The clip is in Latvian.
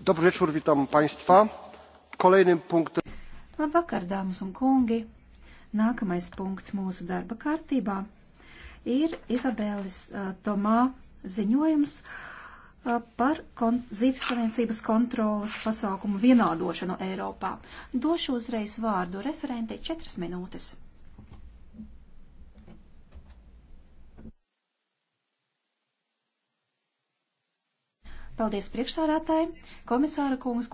Dobru večeru, vitam państwa. Kolejnym punktam. Labvakar, dāmas un kungi. Nākamais punkts mūsu darba kārtībā ir Izabēles uh, Tomā ziņojums uh, par kon zīvesaimniecības kontrolas pasākumu vienādošanu Eiropā. Došu uzreiz vārdu referentei četras minūtes. Paldies priekšsādātāji, komisāra kungs.